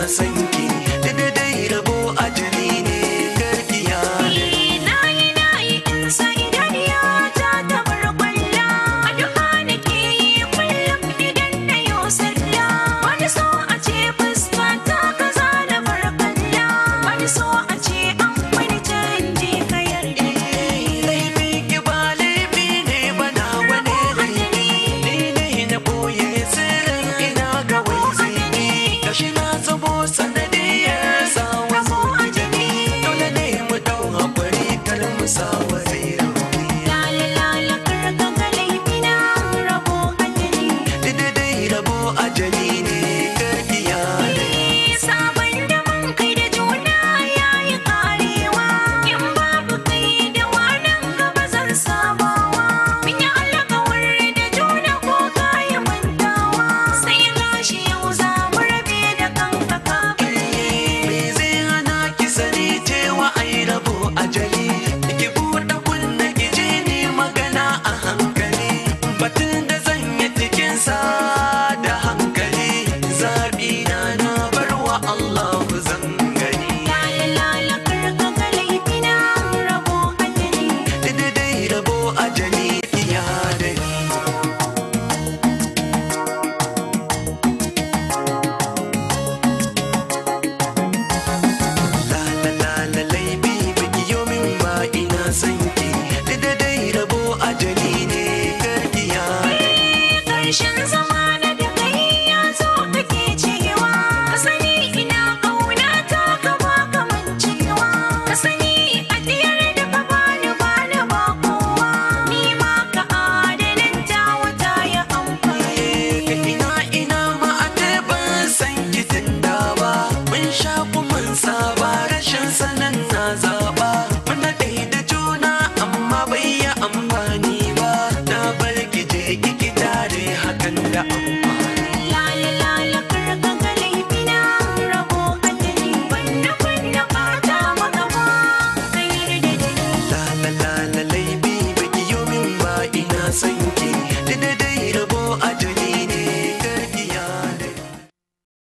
na sanki Conversations